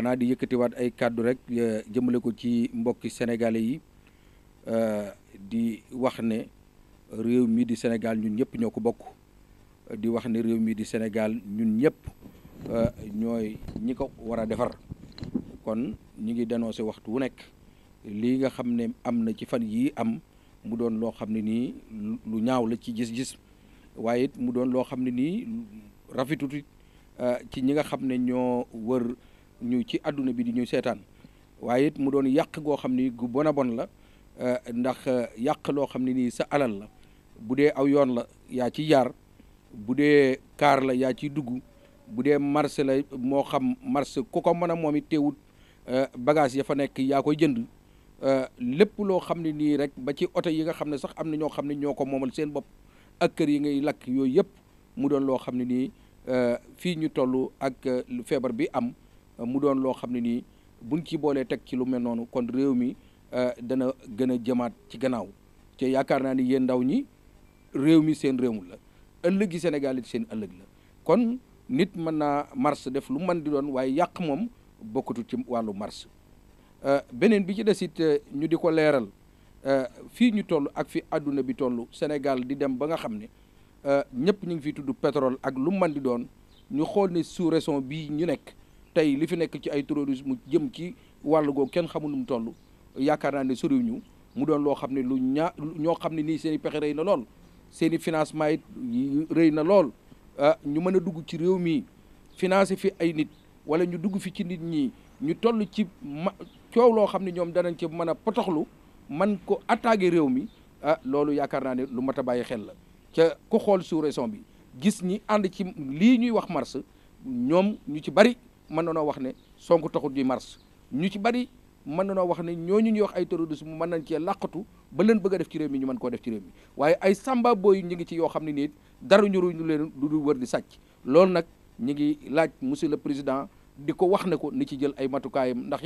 xanaa di yëkkatiwaat ay kàddu rek e, jëmale ko ci mbokki sénégalais yi e, di wax ne réew mii di senegal ñun ñëpp ñoo ko bokk di wax ne réew mii di senegal ñun ñëpp e, ñooy ñi ko war a defar kon ñu ngi dénoncé waxtu wu nekk lii nga xam ne am na ci fan yii am mu doon loo xam ne nii lu ñaaw la ci gis-gis waaye mu doon loo xam ne nii rafetut ci ñi nga xam ne ñoo wër ñu ci àdduna bi di ñu seetaan waaye it mu doon yàq goo xam ni gu bona bon la eh, ndax eh, yàq loo xam ne nii sa alal la bu dee aw yoon la yaa ci jaar bu dee kaar la yaa ciy dugg bu dee marché la moo xam marché ku ko mën a moom it teewut eh, bagage ya fa nekk yaa koy jënd lépp loo xam ne nii rek ba ci oto yi nga xam ne sax am na ñoo xam ne ñoo ko moomal seen bopp ak kër yi ngay lakk yooyu yëpp mu doon loo xam ne nii fii ñu toll ak feebar bi am mu doon loo xam ne nii buñ ci boolee teg ci lu mel noonu kon réew mi euh, dana gën a jëmaat ci gannaaw te yaakaar naa ni yéen ndaw ñi réew mi seen réewul la ëllëg yi Sénégal seen ëllëg la kon nit mën naa mars def lu mën di doon waaye yàq moom bokkatu ci wàllu mars euh, beneen bi ci des it euh, ñu di ko leeral fii ñu toll ak fi àdduna bi toll Sénégal di dem ba nga xam ne ñëpp ñu ngi fiy tudd pétrole ak lu mën di doon ñu xool ne sous-région bii ñu nekk tey li fi nekk ci ay terrorisme jëm ci wàll googu kenn xamul nu mu toll yaakaar naa ne ñu mu doon loo xam ne lu ñaa ñoo xam ne nii seen i pexe rëy na lool seeni financement it rëy na lool ah ñu mën a dugg ci réew mi financé fi ay nit wala ñu dugg fi ci nit ñi ñu toll ci ma coow loo xam ne ñoom danañ ci mën a potoxlu man ko attaqué réew mi ah loolu yaakaar naa ne lu mat a bàyyi xel la ca ku xool sous-région bi gis ñi ànd ci lii ñuy wax mars ñoom ñu ci bari mën na noo wax ne Sonko taxut ñuy mars ñu ci bari mën na noo wax ne ñoo ñu ñuy wax ay terrorisme mën nañ cee làqatu ba leen bëgg def ci réew mi ñu mën koo def ci réew mi waaye ay samba booy ñu ngi ci yoo xam ne nii dara ñuruñu leen du dul wër di sàcc loolu nag ñu ngi laaj monsieur le président di ko wax ne ko ni ci jël ay matukaayam ndax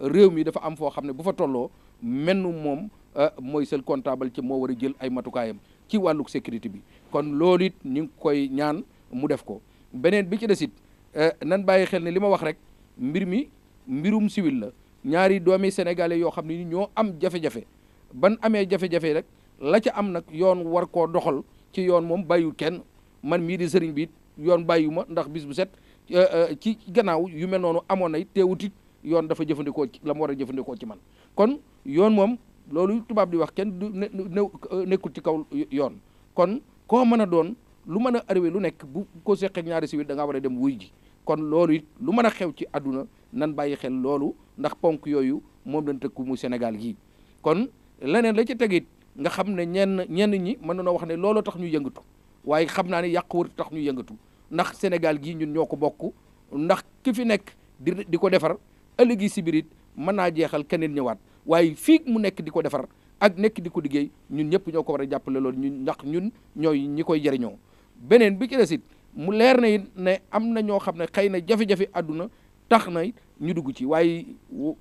réew mi dafa am foo xam ne bu fa tolloo menn moom euh, mooy seul comptable ci moo war a jël ay matukaayam ci wàllu sécurité bi kon loolu it ñu ngi koy ñaan mu def ko beneen bi ci des Euh, nan bàyyi xel ne li ma wax rek mbir mi mbirum siwil la ñaari doomi sénégalais yoo xam ne ni ñoo am jafe-jafe ban amee jafe-jafe rek la ca am nag yoon war koo doxal ci yoon moom bàyyu kenn man mii di sëriñ bi it yoon bàyyu ma ndax bis bu set euh, euh, ci gannaaw yu mel noonu amoon na it teewut yoon dafa jëfandikoo ci la mu war a jëfandikoo ci man kon yoon moom loolu tubaab di wax kenn du nekkul ci kaw yoon kon koo mën a doon lu mën a arrivé lu nekk bu ko seqee ñaar ñaari danga da war a dem wuy ji kon loolu it lu mën a xew ci àdduna nan bàyyi xel loolu ndax ponk yooyu moom lañ tëkku mu Sénégal gii kon leneen la ci tegit nga xam ne ñenn ñenn ñi mën na noo wax ne looloo tax ñu yëngatu waaye xam naa ne yàq war tax ñu yëngatu ndax Sénégal gii ñun ñoo ko bokk ndax ki fi nekk di di ko defar ëllëgi si biir it mën naa jeexal keneen ñëwaat waaye fii mu nekk di ko defar ak nekk di ko liggéey ñun ñëpp ñoo ko war a jàppale loolu ñun ndax ñun ñooy ñi koy jëriñoo beneen bi ci des it mu leer na it ne am na ñoo xam ne xëy na jafe-jafe àdduna tax na ñu dugg ci waaye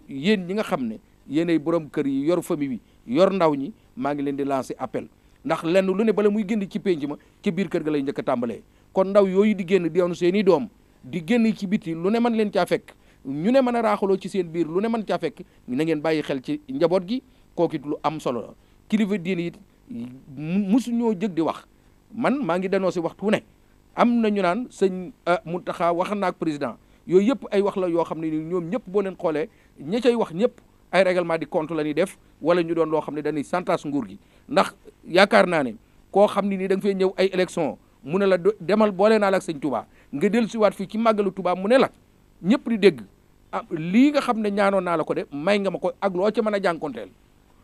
yéen ñi nga xam ne yéenay borom kër yi yor famille bi yor ndaw ñi maa ngi leen di lancer appel ndax lenn lu ne bala muy génn ci penc ma ci biir kër ga lay njëkk tàmbalee kon ndaw yooyu di génn di yoonu seen i doom di génn ci biti lu ne man leen caa fekk ñu ne mën a raaxaloo ci seen biir lu ne man caa fekk na ngeen bàyyi xel ci njaboot gi kookit lu am solo la kilifa diine it mosu ñoo jëg di wax man maa ngi dénoncé waxtu ne am na ñu naan sëñ ah, Mountakha wax na président yooyu yëpp ay wax la yoo xam ne ni ñoom ñëpp boo leen xoolee ña cay wax ñëpp ay règlement de compte la ñuy def wala ñu doon loo xam ne dañuy santas nguur gi ndax yaakaar naa ne koo xam ne nii da nga fay ñëw ay élection mu ne la demal boole naa la ak sëñ Touba nga dellu siwaat fii ci màggalu Touba mu ne la ñëpp di dégg ah lii nga xam ne ñaanoon naa la ko de may nga ma ko ak loo ca mën a jànkonteel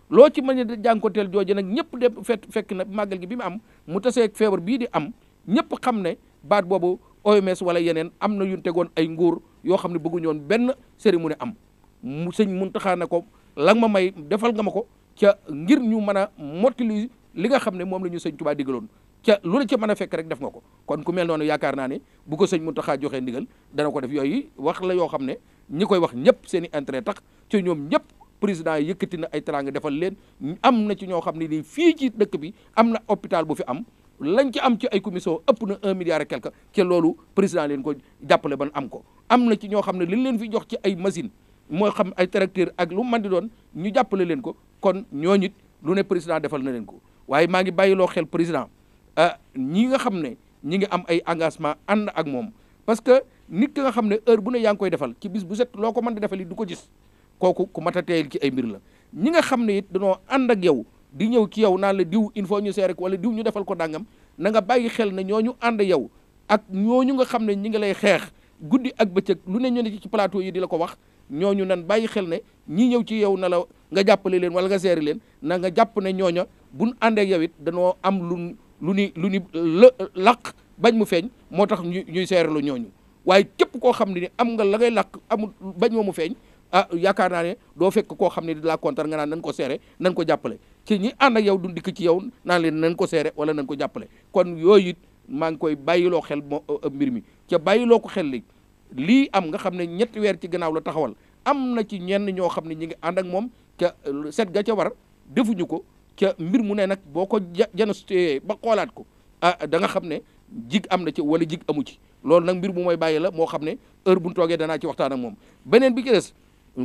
loo ci mën a jànkoteel jooju nag ñëpp de fet fekk na màggal gi bi mu am mu taseeg feebar bii di am ñëpp xam ne baat boobu OMS wala yeneen am na yu tegoon ay nguur yoo xam ne bëgguñu woon benn cérémonie am mu sëñ Muntaxa ne ko la ma may defal nga ma ko ca ngir ñu mën a mottali li nga xam ne moom la ñu sëñ Tuubaa digaloon ca lu la ca mën a fekk rek def nga ko kon ku mel noonu yaakaar naa ne bu ko sëñ Muntaxa joxee ndigal dana ko def yooyu wax la yoo xam ne ñi koy wax ñëpp seen i intérêt tax ci ñoom ñëpp président yi yëkkati na ay teraanga defal leen am na ci ñoo xam ne nii fii ci dëkk bi am na hôpital bu fi am lañ ci am ci ay commission ëpp na un milliard et quelque ca loolu président leen ko jàppale ban am ko am na ci ñoo xam ne liñ leen fi jox ci ay machine moo xam ay tracteur ak lu mën di doon ñu jàppale leen ko kon ñooñu it lu ne président defal na leen ko waaye maa ngi loo xel président ah ñii nga xam ne ñi ngi am ay engagement ànd ak moom parce que nit ki xam ne heure bu ne yaa ngi koy defal ci bis bu set loo ko mën di defal yi du ko gis kooku ku mat a teyel ci ay mbir la ñi nga xam ne it dañoo ànd ak yow di ñëw ci yow naan la diw il faut ñu seere ko wala diw ñu defal ko dangam na nga bàyyi xel ne ñooñu ànd yow ak ñooñu nga xam ne ñi ngi lay xeex guddi ak bëccëg lu ne ñu ne ci plateau yi di la ko wax ñooñu nan bàyyi xel ne ñi ñëw ci yow na la nga jàppale leen wala nga seeri leen na nga jàpp ne ñooña buñ ànd ak yow it danoo am lu lu ni lu ni laq bañ mu feeñ moo tax ñuy seerelu ñooñu waaye képp koo xam ne ni am nga la ngay laq amul bañ moo mu feeñ ah yaakaar naa ne doo fekk koo xam ne di la kontar nga naan ko seere nañ ko jàppale ci ñi ànd yow du dikk ci yow naan leen nañ ko seere wala nañ ko jàppale kon yooyu it maa ngi koy bàyyiloo xel moo mbir mi ca bàyyiloo ko xel li lii am nga xam ne ñett weer ci gannaaw la taxawal am na ci ñenn ñoo xam ne ñi ngi ànd ak moom ca set ga ca war defuñu ko ca mbir mu ne nag boo ko diagnostiqué ba xoolaat ko ah da nga xam ne jig am na ci wala jig amu ci loolu nag mbir mu mooy bàyyi la moo xam ne heure bu ñu toogee danaa ci waxtaan ak moom beneen bi ci des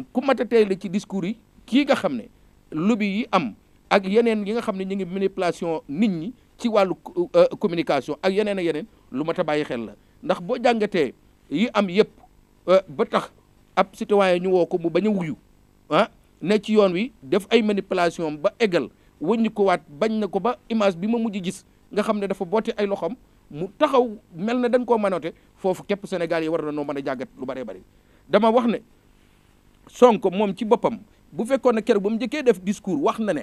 ku mat a tey ci discours yi kii nga xam ne lobby yi am ak yeneen yi nga xam ne ñu ngi manipulation nit ñi ci wàllu euh, communication ak yeneen ak yeneen lu mat a bàyyi xel la ndax boo jàngatee yi am yëpp euh, ba tax ab citoyen ñu woo ko mu bañ a wuyu ah ne ci yoon wi def ay manipulation ba eggal wëññi ko waat bañ na ko ba image bi ma mujj gis nga xam ne dafa boote ay loxoom mu taxaw mel ne dañ koo manote foofu képp Sénégal yi war na noo mën a jàggat lu bëree bëri Sonko moom ci boppam bu fekkoon ne keroog ba mu njëkkee def discours wax na ne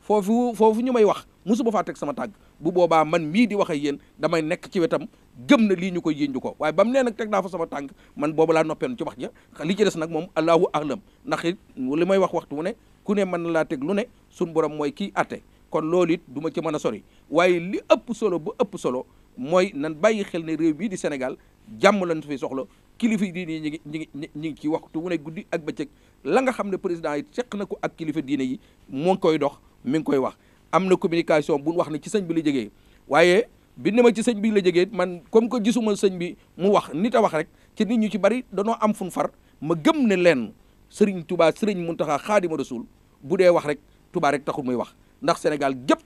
foofu foofu ñu may wax musuma faa teg sama tàgg bu boobaa man mii di wax ak yéen damay nekk ci wetam gëm na lii ñu koy yéen ko waaye ba mu nee nag teg na fa sama tànk man boobu laa noppeen ci wax ja li ci des nag moom allahu ahlam ndax it li may wax waxtu wu ne ku ne mën na laa teg lu ne suñu borom mooy kii atte kon loolu it du ma ci mën a sori waaye li ëpp solo ba ëpp solo mooy nan bàyyi xel ne réew bii di Sénégal jàmm lañ fi soxla kilifa diine yi ñu ngi ñu ngi ñu ngi ci waxtu wu ne guddi ak bëccëg la nga xam ne président yi seq na ko ak kilifa diine yi moo ngi koy dox mi ngi koy wax am na communication bu wax ne ci sëñ bi la jógee waaye bi ne ma ci sëñ bi la jógee man comme que gisuma sëñ bi mu wax nit a wax rek ci nit ñu ci bari danoo am fun far ma gëm ne leen sëriñ Touba sëriñ Mountakha Xaadimu Rasuul bu dee wax rek Touba rek taxul muy wax ndax Sénégal gépp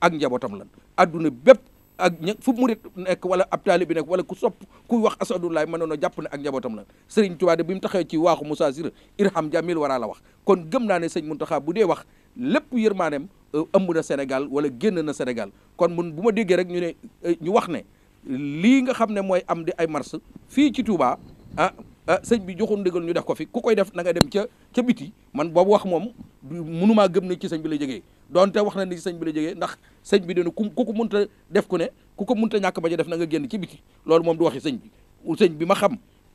ak njabootam lan adduna bépp ak ña fu mu nekk wala ab taali bi nekk wala ku sopp ku wax asadullahi mënoon a jàpp ne ak njabootam la sëriñ Tuubaa de bi mu taxee ci waaxu Moussa Sir irham jamil waraa wax kon gëm naa ne mun Muntaxa bu dee wax lépp yërmaaneem euh, ëmb na Sénégal wala génn na Sénégal kon mun bu ma déggee rek ñu ne euh, ñu wax ne lii nga xam ne mooy am di ay mars fii ci Touba ah, ah bi joxoon ndigal ñu def ko fi ku koy def na nga dem ca ca biti man boobu wax moom mënumaa gëm na ci sëñ bi la jógee donte wax na ni sëñ bi la jógee ndax sëñ bi dina ku ku ko munta def ku ne ku ko munta ñàkk bañ a def na nga génn ci biti loolu moom du waxi sëñ bi sëñ bi ma xam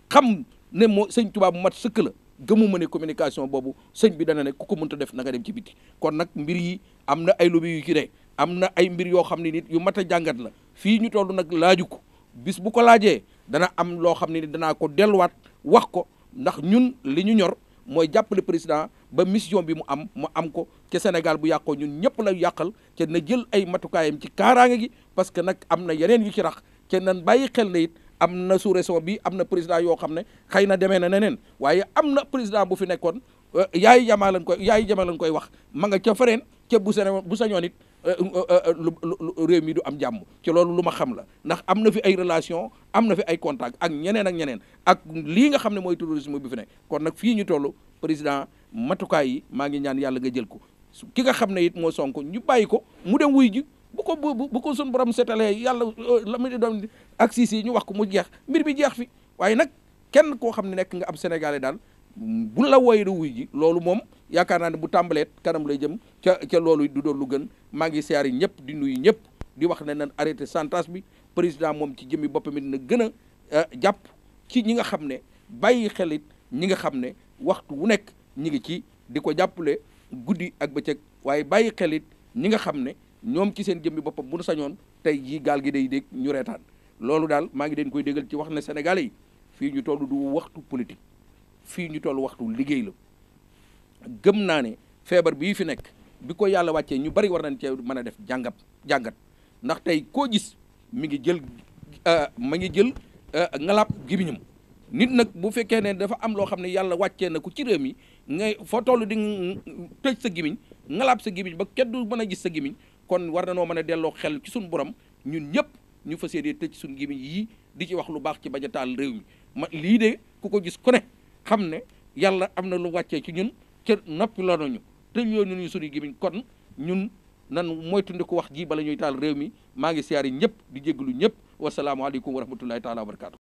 xam ne moo sëñ Tuubaa mat sëkk la gëmuma ne communication boobu sëñ bi dana ne ku ko munta def na nga dem ci biti kon nag mbir yi am na ay lobby yu ci ne am na ay mbir yoo xam ne nit yu mat a jàngat la fii ñu toll nag laaju ko bis bu ko laajee dana am loo xam ne ni danaa ko delluwaat wax ko ndax ñun li ñu ñor mooy jàpp jàppale président ba mission bi mu am mu am ko ca Sénégal bu yàqoo ñun ñëpp la yàqal ca na jël ay matukaayam ci kaaraange gi parce que nag am na yeneen yu ci rax ca nan bàyyi xel na it am na sous-région bi am na président yoo xam ne xëy na demee na neneen waaye am na président bu fi nekkoon euh, yaay jamaa lañ koy yaay jamaa lañ koy wax ma nga ca fareen ca bu sene bu sañoon it euh, euh, réew mi du am jàmm ci loolu lu ma xam la ndax am na fi ay relation am na fi ay contact ak ñeneen ak ñeneen ak lii nga xam ne mooy terrorisme bi fi nekk kon nag fii ñu toll président matukaay yi maa ngi ñaan yàlla nga jël ko ki nga xam ne it moo sonko ñu bàyyi ko mu dem wuy ji bu ko bu ko sun borom seetalee yàlla euh, la mu doon ak siis yi ñu wax ko mu jeex mbir mi jeex fi waaye nag kenn koo xam ne nekk nga ab sénégalais daal bu la woyee wuy ji loolu moom yaakaar naa ne bu tàmbaleet kanam lay jëm ca ca loolu du doon lu gën maa ngi siyaari ñëpp di nuyu ñëpp di wax ne nan arrêté chantage bi président moom ci jëmmi boppam it na gën a euh, jàpp ci ñi nga xam ne bàyyi xelit ñi nga xam ne waxtu wu nekk ñi ngi ci di ko jàppale guddi ak bëccëg waaye bàyyi xelit it ñi nga xam ne ñoom ci seen jëmmi boppam bu nu sañoon tey jii gaal gi day dégg ñu reetaan loolu daal maa ngi deen koy déggal ci wax ne Sénégalais yi fii ñu toll du waxtu politique fii ñu toll waxtu liggéey la gëm naa ne feebar bii fi nekk bi ko yàlla wàccee ñu bari war nañ cee mën a def jàngat jàngat ndax tey koo gis mi ngi jël euh, ma ngi jël euh, ngalaab gémmiñam nit nag bu fekkee ne dafa am loo xam ne yàlla wàccee na ko ci réew mi ngay foo toll di tëj sa gimiñ ngalaab sa gimiñ ba kenn du mën a gis sa gimiñ kon war na noo mën a delloo xel ci suñu borom ñun ñëpp ñu fas yéene tëj suñu gimiñ yii di ci wax lu baax ci bañ a taal réew mi ma lii de ku ko gis kone xam ne yàlla am na lu wàccee ci ñun ca noppi la nañu tëj yooyu ñun ñu suñu gimiñ kon ñun nan moytundiku wax ji bala ñuy taal réew mi maa ngi siyaari ñëpp di jéggalu ñëpp wasalaamualeykum wa rahmatullahi taala wa barakatu